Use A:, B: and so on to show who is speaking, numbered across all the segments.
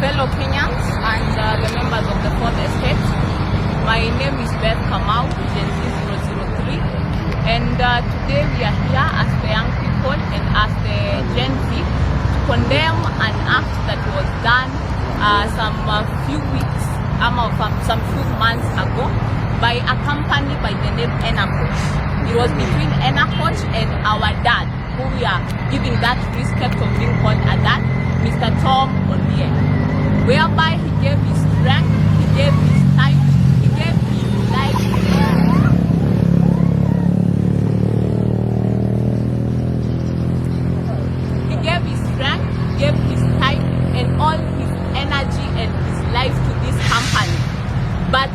A: fellow Kenyans and uh, the members of the Fourth Estate. My name is Beth Kamau, Gen Z 003, and uh, today we are here as the young people and as the Gen Z to condemn an act that was done uh, some uh, few weeks, um, um some few months ago by a company by the name Enacoach. It was between Enacoach and our dad, who we are giving that respect of being called a dad, Mr. Tom Ondiek whereby he gave his strength, he gave his time, he gave his life. He gave his strength, gave his time, and all his energy and his life to this company. But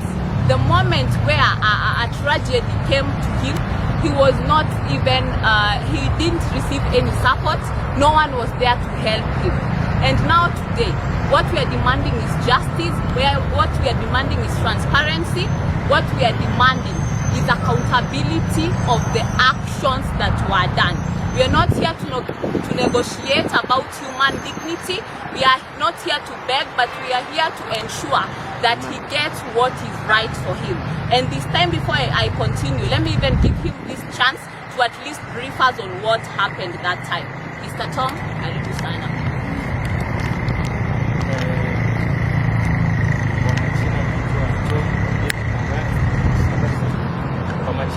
A: the moment where a, a, a tragedy came to him, he was not even, uh, he didn't receive any support. No one was there to help him. And now today, what we are demanding is justice, where what we are demanding is transparency, what we are demanding is accountability of the actions that were done. We are not here to, to negotiate about human dignity. We are not here to beg, but we are here to ensure that he gets what is right for him. And this time before I, I continue, let me even give him this chance to at least brief us on what happened that time. Mr. Tom, sign up?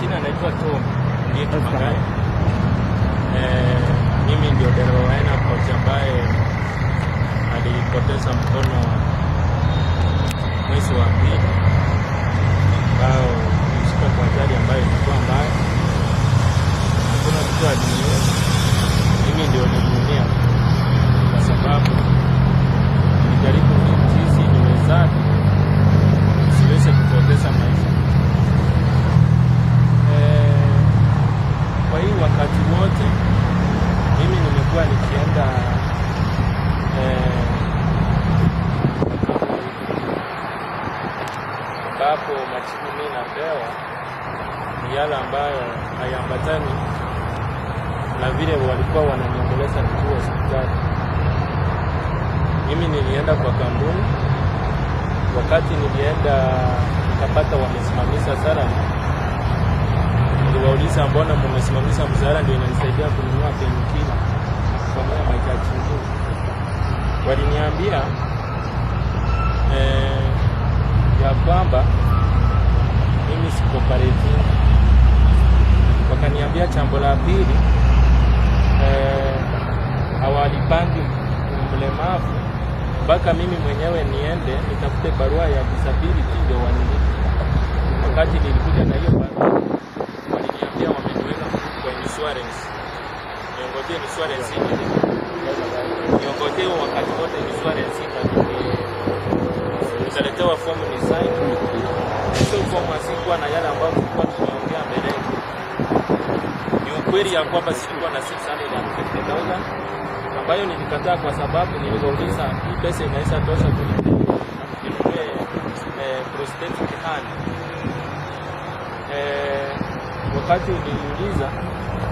A: jina naitwa Tom Getu Mangai. Eh, mimi ndio dereva aina coach ambaye alipoteza mkono mwezi wa pili ambao usika kwa ajali ambayo ilikuwa mbaya, hakuna mtu aliye, mimi ndio niliumia kwa sababu nilijaribu jinsi niwezavyo
B: kwa hii wakati wote mimi nimekuwa nikienda eh, ambapo eh, majibu mimi napewa ni yale ambayo hayambatani na vile walikuwa wananiongeleza nikiwa hospitali. Mimi nilienda kwa kampuni, wakati nilienda nikapata wamesimamisha sana nikawauliza mbona mmesimamisha mzara ndio inanisaidia kununua kwa kufanyia mahitaji mengine. Waliniambia eh, ya kwamba mimi siko cooperative. Wakaniambia jambo la pili, eh, hawalipangi mlemavu mpaka mimi mwenyewe niende nitafute barua ya disability ndio wanilipe. Wakati nilikuja na hiyo barua Niongozie Misuari Nzima, niongozie wakati wote Misuari Nzima. Nitaletewa fomu ni sign. Sio fomu asikuwa na yale ambayo tulikuwa tunaongea mbele. Ni ukweli ya kwamba sikuwa na 650,000 ambayo nilikataa kwa sababu niliuliza hii pesa inaweza tosha kulipa eh, prostate Eh, wakati niliuliza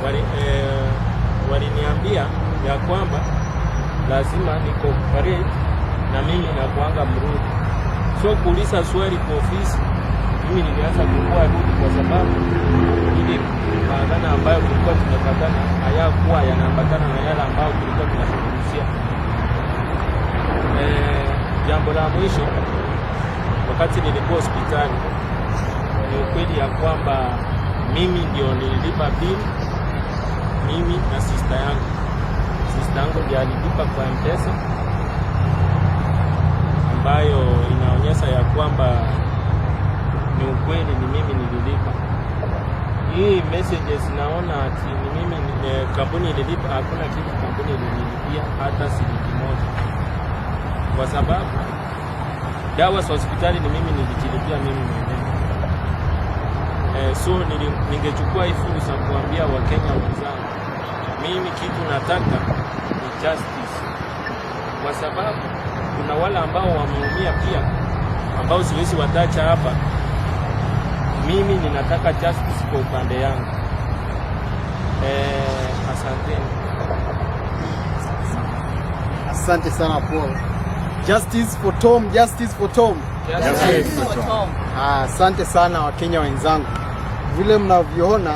B: wali eh, waliniambia ya kwamba lazima nikooperate na mimi nakuanga mrudi. So kuuliza swali kwa ofisi, mimi nilianza kukua rudi kwa sababu ile maagana ambayo kulikuwa tumepatana hayakuwa yanaambatana na yale ambayo kulikuwa tunazungumzia. Eh, jambo la mwisho wakati nilikuwa hospitali, ni ukweli ya kwamba mimi ndio nililipa bili mimi na sista yangu. sista yangu ndiye alilipa kwa mpesa, ambayo inaonyesha ya kwamba ni ukweli, ni mimi nililipa hii messages. Naona ati ni mimi eh, kampuni ililipa. Hakuna kitu kampuni ililipia hata shilingi moja, kwa sababu dawa za hospitali ni mimi nilijilipia mimi mwenyewe. Eh, so ningechukua hii fursa kuambia Wakenya wenzangu mimi kitu nataka ni justice, kwa sababu kuna wale ambao wameumia pia, ambao siwezi watacha hapa. Mimi ninataka justice kwa upande yangu. Eh, asanteni.
C: Asante sana Paul. Justice for Tom, justice for Tom.
D: Justice for Tom.
C: Ah, asante sana Wakenya wenzangu, vile mnavyoona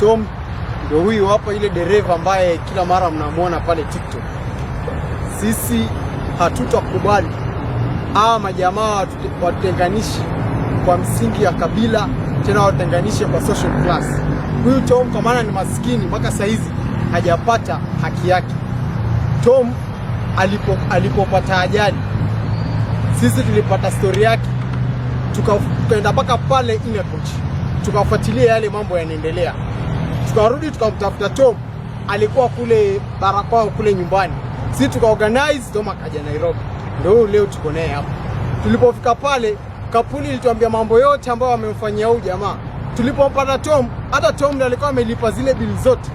C: Tom ndio huyu hapa, ile dereva ambaye kila mara mnamwona pale TikTok. Sisi hatutakubali aa, majamaa watenganishi kwa msingi ya kabila, tena watenganishe kwa social class. Huyu Tom kwa maana ni maskini, mpaka saa hizi hajapata haki yake. Tom alipo, alipopata ajali sisi tulipata stori yake, tukaenda mpaka pale Inacoach tukafuatilia yale mambo yanaendelea tukarudi tukamtafuta Tom, alikuwa kule barakwao kule nyumbani, si tukaorganize Tom akaja Nairobi, ndio leo tuko naye hapa. Tulipofika pale kapuni ilituambia mambo yote ambayo wamemfanyia huyu jamaa. Tulipompata Tom, hata Tom ndiye alikuwa amelipa zile bili zote.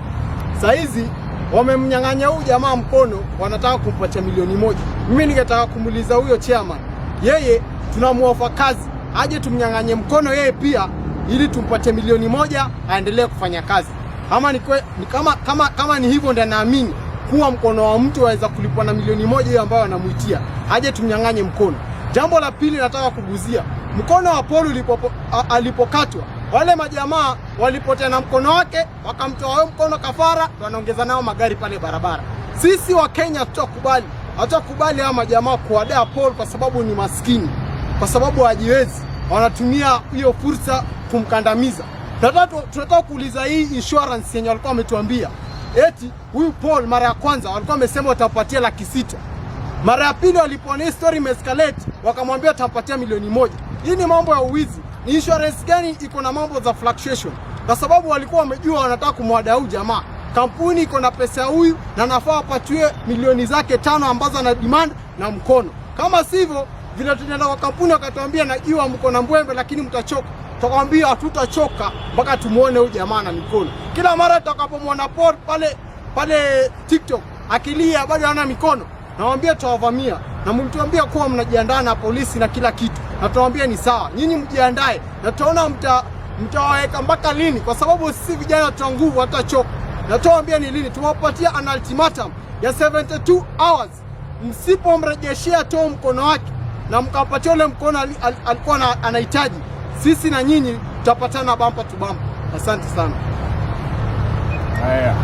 C: Saa hizi wamemnyang'anya huyu jamaa mkono, wanataka kumpatia milioni moja. Mimi ningetaka kumuuliza huyo chairman, yeye tunamuofa kazi aje tumnyang'anye mkono yeye pia, ili tumpatie milioni moja aendelee kufanya kazi. Kama ni kwe, kama, kama, kama ni hivyo, ndio naamini kuwa mkono wa mtu waweza kulipwa na milioni moja hiyo ambayo anamuitia aje tumnyang'anye mkono. Jambo la pili nataka kuguzia mkono wa Paul alipokatwa, wale majamaa walipotea na mkono wake, wakamtoa wao mkono kafara, wanaongeza nao magari pale barabara. Sisi wa Kenya tutakubali, hatutakubali hawa majamaa kuwadaa Paul kwa sababu ni maskini, kwa sababu hajiwezi, wanatumia hiyo fursa kumkandamiza. Tunataka kuuliza hii insurance yenye walikuwa wametuambia eti huyu Paul mara ya kwanza walikuwa wamesema watapatia laki sita mara ya pili walipoona hii story imescalate wakamwambia watapatia milioni moja. Hii ni mambo ya uwizi. Ni insurance gani iko na mambo za fluctuation? Kwa sababu walikuwa wamejua wanataka kumwada huyu jamaa, kampuni iko na pesa huyu na nafaa apatiwe milioni zake tano ambazo ana demand na mkono. Kama sivyo vile tunaenda kwa kampuni wakatuambia, najua mko na mbwembe lakini mtachoka tukamwambia hatutachoka mpaka tumuone huyu jamaa na mikono. Kila mara tutakapomwona Paul pale pale TikTok akilia bado hana mikono, nawaambia tutawavamia, na mlituambia kuwa mnajiandaa na polisi na kila kitu, na tunawaambia ni sawa, nyinyi mjiandae, na tutaona mta mtawaweka mpaka lini, kwa sababu sisi vijana tuna nguvu, hatutachoka. Na tunawaambia ni lini, tumewapatia an ultimatum ya 72 hours, msipomrejeshea Tom mkono wake na mkampatia ule mkono alikuwa anahitaji sisi na nyinyi tutapatana bampa tu bampa. Asante sana. Haya,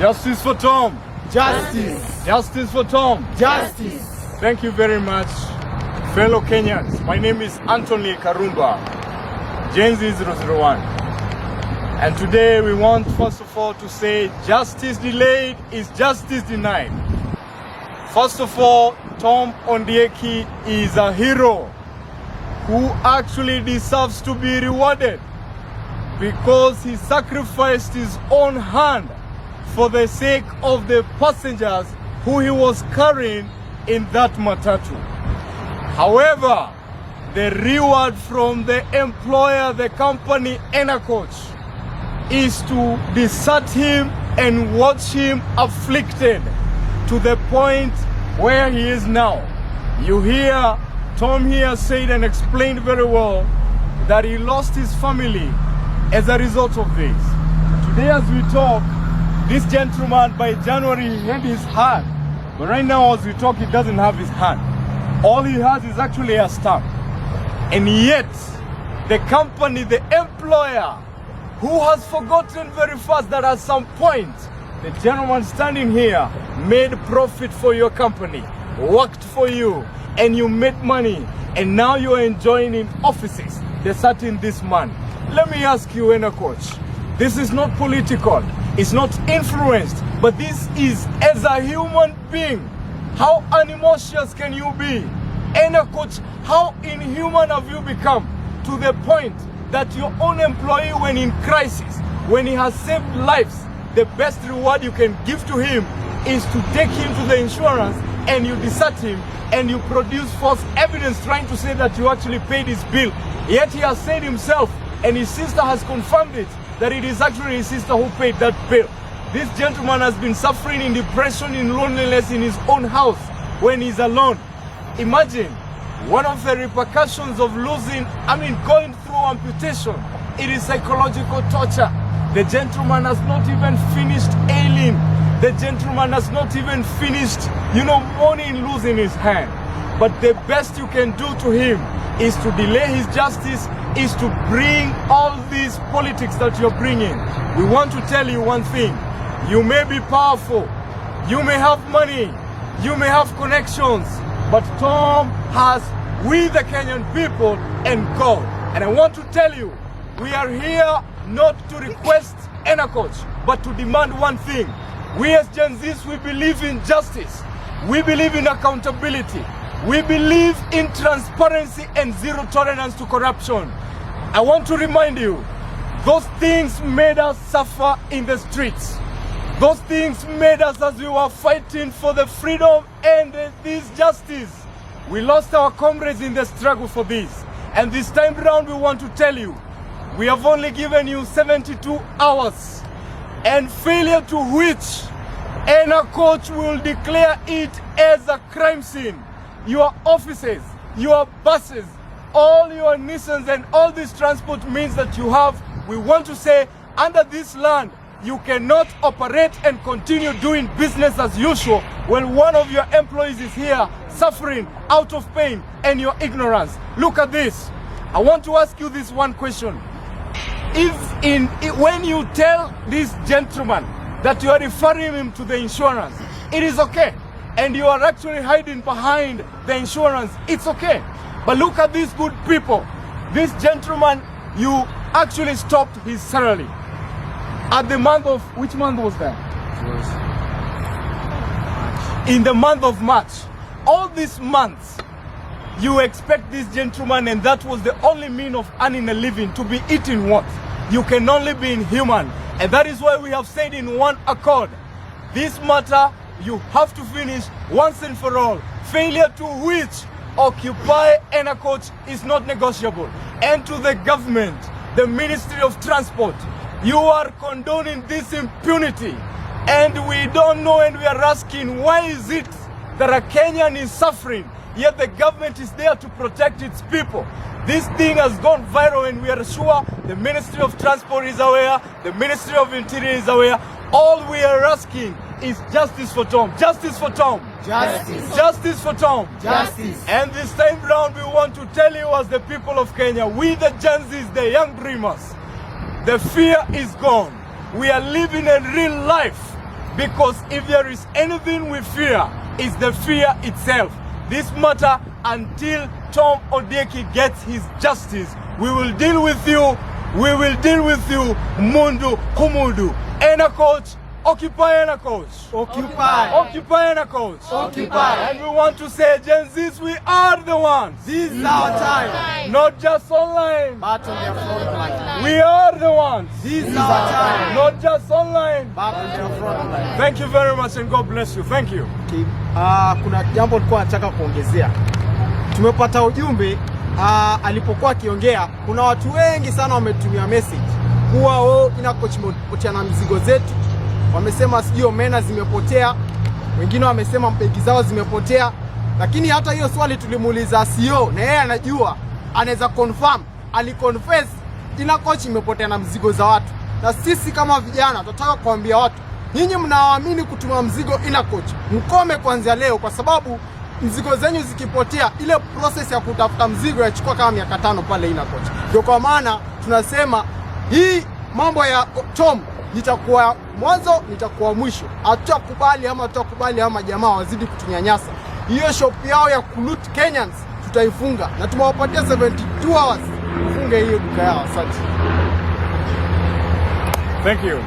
E: justice for Tom,
F: justice,
E: justice for Tom,
F: justice.
E: Thank you very much fellow Kenyans. My name is Anthony Karumba, Gen Z 001. And today we want first of all to say justice delayed is justice denied. First of all, Tom Ondieki is a hero who actually deserves to be rewarded because he sacrificed his own hand for the sake of the passengers who he was carrying in that matatu. However, the reward from the employer, the company, coach is to desert him and watch him afflicted to the point where he is now. You hear Tom here said and explained very well that he lost his family as a result of this. Today as we talk, this gentleman by January had his hand. But right now as we talk, he doesn't have his hand. All he has is actually a stamp. And yet, the company, the employer, who has forgotten very fast that at some point, the gentleman standing here made profit for your company, worked for you, and you made money, and now you are enjoying in offices. They're starting this man. Let me ask you, Ena Coach, this is not political, it's not influenced, but this is as a human being. How unambitious can you be? Ena Coach, how inhuman have you become to the point that your own employee, when in crisis, when he has saved lives, the best reward you can give to him is to take him to the insurance and you desert him and you produce false evidence trying to say that you actually paid his bill. Yet he has said himself and his sister has confirmed it that it is actually his sister who paid that bill. This gentleman has been suffering in depression, in loneliness in his own house when he's alone. Imagine one of the repercussions of losing, I mean going through amputation, it is psychological torture. The gentleman has not even finished ailing the gentleman has not even finished, you know, money losing his hand. But the best you can do to him is to delay his justice, is to bring all these politics that you're bringing. We want to tell you one thing. You may be powerful, you may have money, you may have connections, but Tom has we the Kenyan people and God. And I want to tell you, we are here not to request any coach, but to demand one thing. We as Gen Zs, we believe in justice. We believe in accountability. We believe in transparency and zero tolerance to corruption. I want to remind you, those things made us suffer in the streets. Those things made us as we were fighting for the freedom and this justice. We lost our comrades in the struggle for this. And this time round, we want to tell you, we have only given you 72 hours and failure to which any court will declare it as a crime scene. Your offices, your buses, all your Nissans and all this transport means that you have, we want to say under this land, you cannot operate and continue doing business as usual when one of your employees is here suffering out of pain and your ignorance. Look at this. I want to ask you this one question. if in when you tell this gentleman that you are referring him to the insurance, it is okay. And you are actually hiding behind the insurance, it's okay. But look at these good people. This gentleman, you actually stopped his salary. At the month of, which month was that? In the month of March. All these months, you expect this gentleman, and that was the only mean of earning a living, to be eating what? you can only be inhuman. And that is why we have said in one accord, this matter you have to finish once and for all. Failure to which Occupy Enacot is not negotiable. And to the government, the Ministry of Transport, you are condoning this impunity. And we don't know and we are asking why is it that a Kenyan is suffering, yet the government is there to protect its people. This thing has gone viral and we are sure the Ministry of Transport is aware, the Ministry of Interior is aware. All we are asking is justice for Tom. Justice for Tom.
F: Justice.
E: Justice for Tom.
F: Justice.
E: And this time round, we want to tell you as the people of Kenya, we the Gen Zs, the young dreamers, the fear is gone. We are living a real life because if there is anything we fear, it's the fear itself. This matter until Tom Odeki gets his justice. We will deal with you. We will deal with you mundu kumudu. coach, occupy coach.
F: Occupy.
E: Occupy coach.
F: Occupy.
E: And we want to say, Gen Zs, we are the ones.
F: This is our time.
E: Not just online. But on your front line. We are the ones.
F: This is our time.
E: Not just online. But on your front line. Thank you very much and God bless you. Thank you. Okay.
C: Uh, kuna jambo nilikuwa nataka kuongezea tumepata ujumbe uh, alipokuwa akiongea, kuna watu wengi sana wametumia message kuwa wao ina coach mpotea na mzigo zetu, wamesema sijui omena zimepotea, wengine wamesema mpegi zao zimepotea, lakini hata hiyo swali tulimuuliza CEO na yeye anajua, anaweza confirm, aliconfess ina coach imepotea na mzigo za watu. Na sisi kama vijana tunataka kuambia watu, nyinyi mnaoamini kutuma mzigo ina coach, mkome kuanzia leo, kwa sababu mzigo zenyu zikipotea, ile process ya kutafuta mzigo yachukua kama miaka tano pale Inacoach. Ndio kwa maana tunasema hii mambo ya Tom nitakuwa mwanzo, nitakuwa mwisho. Hatutakubali ama hatutakubali ama jamaa wazidi kutunyanyasa. Hiyo shop yao ya kulut Kenyans tutaifunga na tumewapatia 72 hours kufunga hiyo duka yao. Asante,
E: thank you.